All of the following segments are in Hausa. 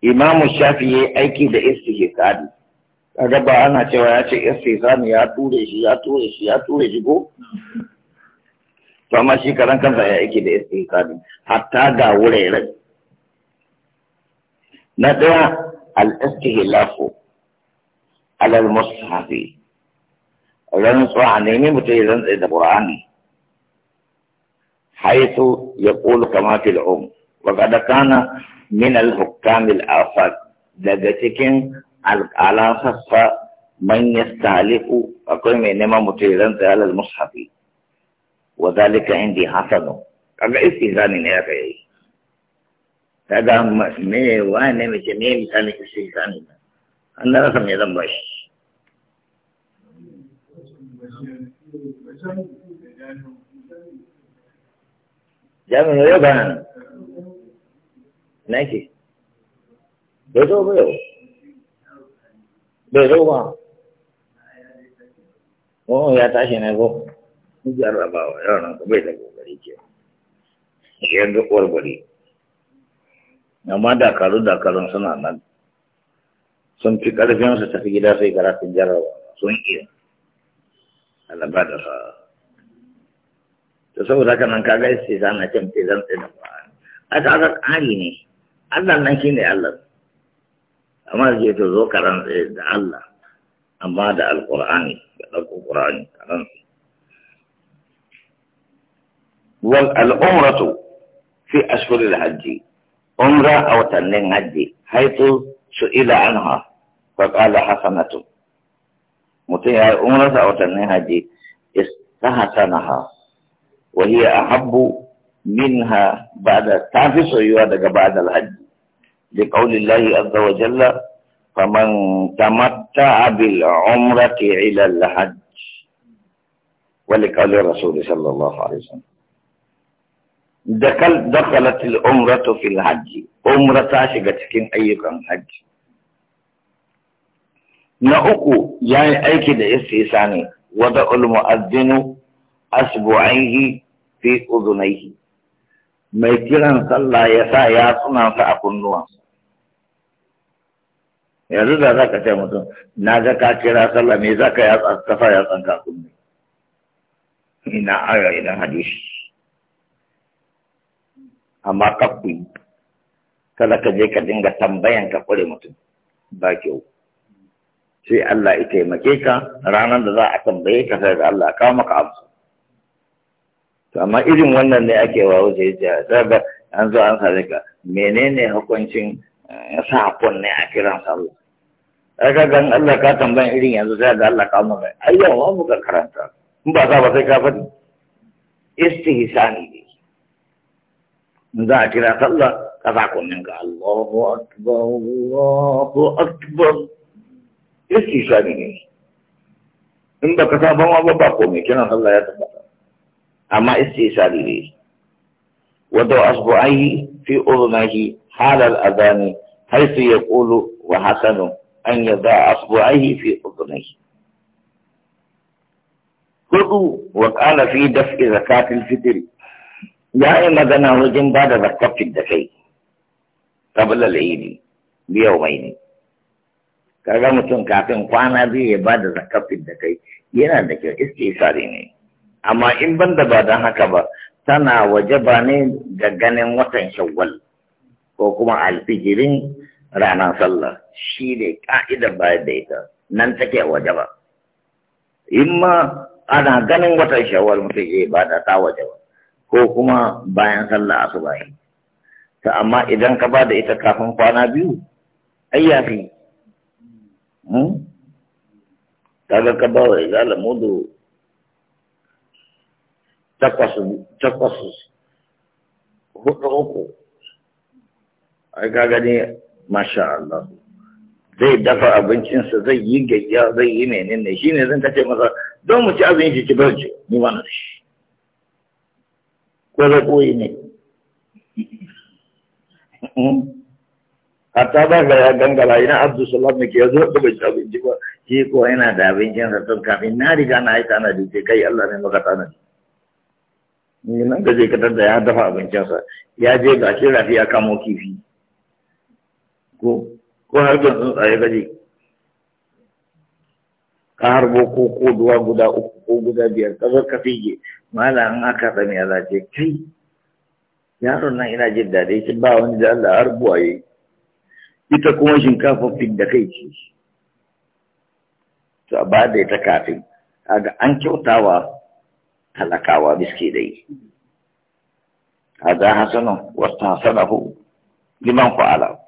imamu shafi ya aiki da istihsani kaga ba ana cewa ya ce istihsani ya ture shi ya ture shi ya ture shi ko to amma shi karan kansa ya aiki da istihsani hatta ga wuraren na daya al-istihlafu alal mushafi rantsuwa a nemi mutum ya rantsa da qur'ani haitu ya qulu kama fil um وقد كان من الحكام الآفاق دقتكين الآلاف فمن يستعلق وقل من نما متعلن على المصحف وذلك عندي حسن اگر اس کی ذانی نیا کہے گی تدا میں وانے میں چھے میں مثالی کسی کی ذانی نیا اندرہ سمجھتا nake bai zo ba yau bai ba oh ya tashi ne, ko. na go jarrabawa yau nan bai da kokari ke yanzu ƙwarɓari amma dakaru dakarun suna nan sun fi ƙarfin su tafi gida sai su jarrabawa sun iya alaba da sa to saboda haka nan kaga sai zan na can zan tsina ba aka aka ƙari ne أنا নাই কিনে أنا আমার যেহেতু রো কারণ আল্লাহ আমার আল কোরআনি কোরআনি কারণ والعمرة في أشهر الحج عمرة أو تنين حج حيث سئل عنها فقال حسنة متي هاي عمرة أو استحسنها وهي أحب منها بعد تعفص يوادك بعد الحج لقول الله عز وجل فمن تمتع بالعمرة إلى الحج ولقول الرسول صلى الله عليه وسلم دخل دخلت العمرة في الحج عمرة شكت أي أيك حج نأكو يعني أي أيك الإستيساني وضع المؤذن أسبوعيه في أذنيه ما يكيران صلى يسا يا صنع فأكون نوانسا yanzu da za ka ce mutum na ga ka kira sallah me za ka yatsa ka sa yatsan ka kunne ina aya ina hadisi amma kafi kada ka je ka dinga tambayan ka kure mutum ba kyau sai Allah ya taimake ka ranar da za a tambaye ka sai Allah ya kawo maka amsa to amma irin wannan ne ake wa wuce ya sai an zo an sare ka menene hukuncin ya eh, sa kunne a kiran sallah aka gan Allah ka tambayan irin yanzu sai da Allah ka mu mai ai yawa mu ka karanta in ba za ba sai ka faɗi istihsani ne in za a kira sallah ka sa kunnin ka Allahu akbar Allahu akbar istihsani ne in ba ka sa ban wa ba komai kiran sallah ya tabbata amma istihsani ne وضع أصبعيه في أذنه حال الأذان حيث يقول وحسنه an a asbu'aihi fi udunaihi hudu wa qala fi daf'i zakatil fitr ya yi magana wajen ba da zakafin da kai kabla al'idi biyau mai ne ga mutum kafin kwana biyu ya ba da zakafin da kai yana da kyau istisari ne amma in ban da ba don haka ba tana waje ba ne ga ganin watan shawwal ko kuma alfijirin ranar sallah shi ne ka'idar bayar da ita nan take waje ba in ma ana ganin watan shawar mutum ya ba da ta waje ba ko kuma bayan sallah asuba yi ta amma idan ka ba da ita kafin kwana biyu ayyafi. ya fi hmm? kaga ka ba wa izala mudu takwas takwas hudu uku ai ka gani masha Allah zai dafa abincinsa zai yi gayya zai yi menene shi ne zan kace masa don mu ci abinci ki barci ni ma na shi ko zai koyi ne hmm? hatta ba ga ya gangara ina abdu salam ne ke ya zo da bai ci abinci ba shi ko yana da abincinsa tun kafin na riga na yi na duke kai Allah ne maka tanadi ni nan gaje kadar da ya dafa abincinsa ya je ga shi rafi ya kamo kifi ko ko harkar tsuntsaye gaji ka harbo ko duwa guda uku ko guda biyar ka zo ka fige an aka sami ya zace kai yaron nan ina jin daɗi shi ba wani da Allah har buwaye ita kuma shinkafa fin da kai ce to a ba da ita kafin kaga an kyautawa talakawa biske dai kaga hasanu wasta hasanahu liman fa'ala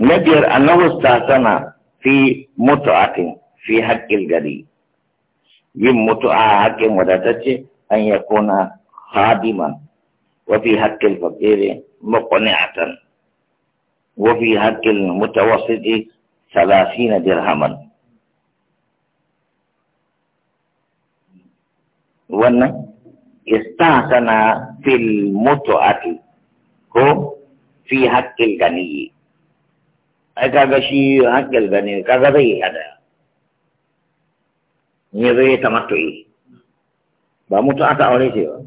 نجر أنه استعصنا في متعة في حق الجري متعة حق مدتش أن يكون خادما وفي حق الفقير مقنعة وفي حق المتوسط ثلاثين درهما وأن استعصنا في المتعة هو في حق الغني ai kaga shi hankal gani kaga zai yi hada ne zai yi tamattu'i ba mutu aka aure shi ba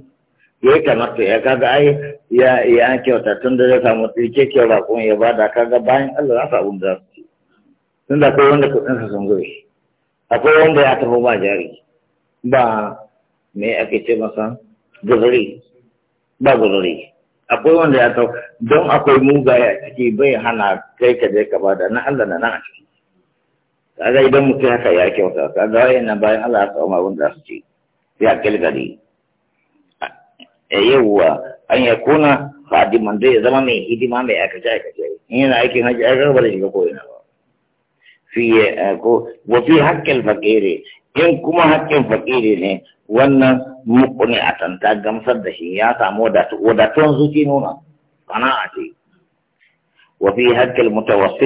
ya yi tamattu'i ya kaga ai ya an kyauta tun da zai samu tsirke kyau ba kuma ya bada kaga bayan Allah za su abun da su ci tun da akwai wanda kuɗinsa sun zube akwai wanda ya tafi ba jari ba me ake ce masa guzuri ba guzuri akwai wanda ya tafi don akwai mugaye a ciki bai hana kai ka je ka bada na Allah na nan a ciki kaga idan mutum haka ya kyauta kaga wayannan bayan Allah ya kawo abin da su ce ya gari. e eh, yawwa an ya kuna khadiman zai zama mai hidima mai aikace aikace in yana aikin haji, ai gaba da shiga ko ina ba fi eh, ko wa fi haqqil faqiri in kuma haƙƙin faƙiri ne wannan muku ne a tanta gamsar da shi ya samu wadatuwan zuci nuna قناعة وفي هك المتوسط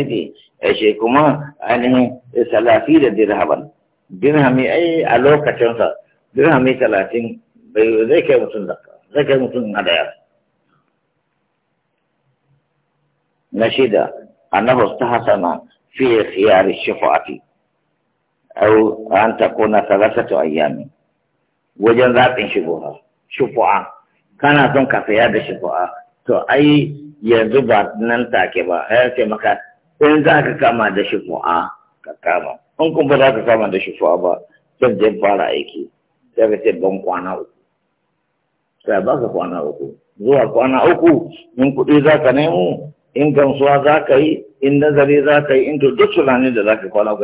أشيكما أنه ثلاثين درهما درهمي أي ألوكة تنسى درهمي ثلاثين ذيك دقا ذيك متندق نشيدا أنه استحسن في خيار الشفعة أو أن تكون ثلاثة أيام وجن ذات شفاعة كان أظن كفيها بشفعة to ai yanzu ba nan take ba ya ce maka in za ka kama da shi shifu'a ka kama in kuma ba za ka kama da shi shifu'a ba sai da fara aiki sai ka ce ban kwana uku sai ba ka kwana uku zuwa kwana uku in kuɗi za ka nemo in gamsuwa za ka yi in nazari za ka yi in to duk tunani da za ka kwana uku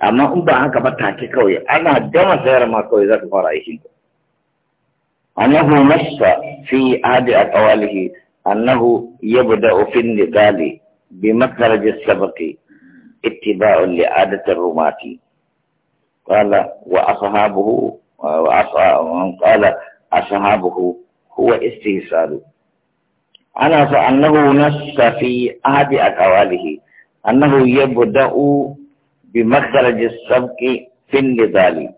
a amma in ba haka ba take kawai ana gama sayar ma kawai za ka fara aikin ka أنه نص في عهد أطواله أنه يبدأ في النقال بمخرج السبق اتباع لعادة الرماة قال وأصحابه قال أصحابه هو استهسال أنا فأنه نص في عهد أطواله أنه يبدأ بمخرج السبق في النضال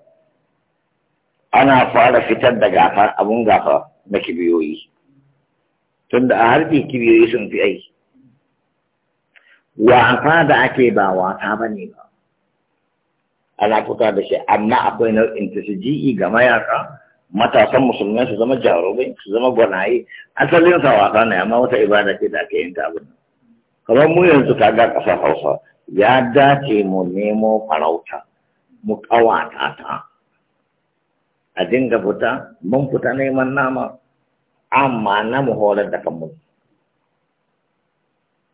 ana fara fitar da gafa abun gafa na kibiyoyi tunda a harbi kibiyoyi sun fi aiki wafa da ake ba wata ba ne ba ana fita da shi amma akwai nau'in ta su ji'i ga mayaka matasan musulmai su zama jarumai su zama gwanaye asalin sa wasa ne amma wata ibada ce da ake yin ta abin kamar mu yanzu ga ƙasar hausa ya dace mu nemo farauta mu ƙawata ta a dinga fita mun fita neman nama amma na mu horar da kanmu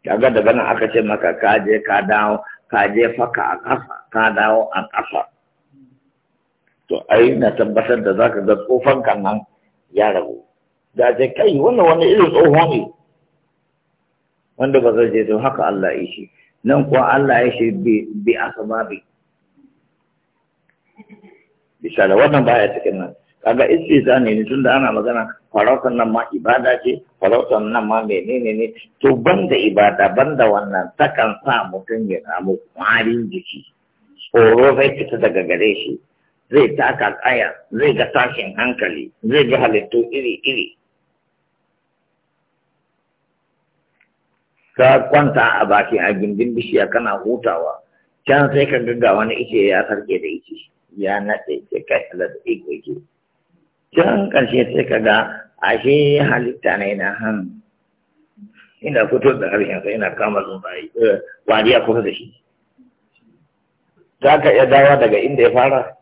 kaga daga nan aka ce maka ka je ka dawo ka je faka a ƙasa ka dawo a ƙasa to ai na tabbatar da zaka ga tsofan kan nan ya rabu da je kai wannan wani irin tsoho ne wanda ba zai je to haka Allah ya shi nan kuwa Allah ya shi bi bi bisa wannan baya cikin nan kaga istizani ne tunda ana magana farautar nan ma ibada ce farautar nan ma menene ne to banda ibada banda wannan ta kan sa mutum ya samu kwarin jiki tsoro zai fita daga gare shi zai taka tsaya, zai ga tashin hankali zai ga halittu iri iri ka kwanta a baki a gindin bishiya kana hutawa can sai ka ga wani ice ya sarke da ice ya naɗe ce kai Allah da iko yake can ƙarshe sai ka ga ashe halitta ne na hannu ina fito da yanzu ina kama tsuntsaye eh, wariya kusa da shi za ka iya dawa daga inda ya fara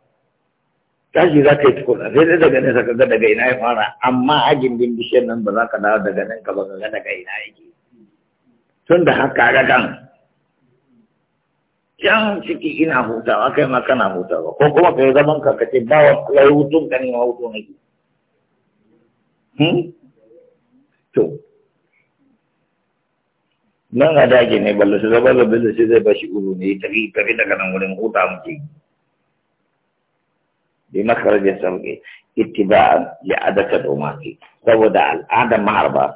tashi za ka yi tukuna sai dai daga nesa kaga daga ina ya fara amma ajin bin bishiyar nan ba za ka dawo daga nan ka ba ga daga ina yake tun da haka kan. can ciki ina hutawa kai ma kana hutawa ko kuma kai zaman ka kace ba wa kai hutun ka ne hutu nake hmm to nan a dage ne ballo su zaba zabe da shi zai ba shi uru ne tafi tafi daga nan wurin huta muke bi makarajin sauke ittiba'an li adatat umati saboda al'adar maharba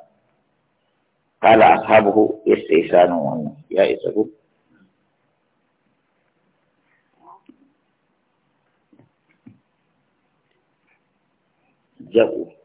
qala ashabuhu istisanun ya wannan ya isa isaku jago